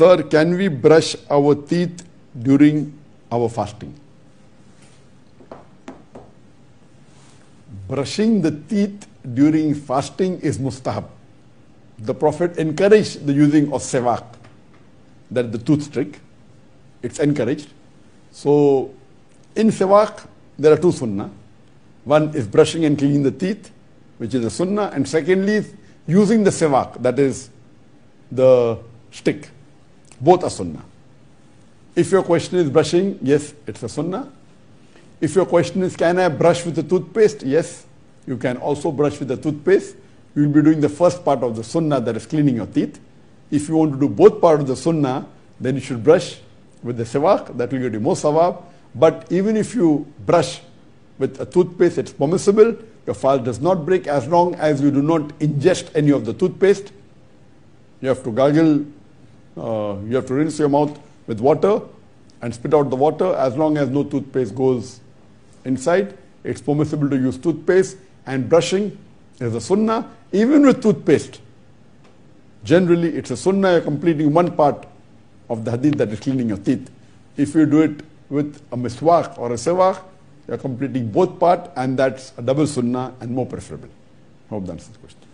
Sir, can we brush our teeth during our fasting? Brushing the teeth during fasting is mustahab. The Prophet encouraged the using of sevak, that is the tooth trick. It's encouraged. So, in sevak, there are two sunnah. One is brushing and cleaning the teeth, which is a sunnah, and secondly, using the sevak, that is the stick. Both are sunnah. If your question is brushing, yes, it's a sunnah. If your question is, can I brush with the toothpaste? Yes, you can also brush with the toothpaste. You will be doing the first part of the sunnah, that is cleaning your teeth. If you want to do both part of the sunnah, then you should brush with the sawak, that will get you more sawab. But even if you brush with a toothpaste, it's permissible. Your file does not break as long as you do not ingest any of the toothpaste. You have to gargle uh, you have to rinse your mouth with water and spit out the water. As long as no toothpaste goes inside, it's permissible to use toothpaste. And brushing is a sunnah, even with toothpaste. Generally, it's a sunnah. You're completing one part of the hadith that is cleaning your teeth. If you do it with a miswak or a sewak, you're completing both part, and that's a double sunnah and more preferable. Hope that answers the question.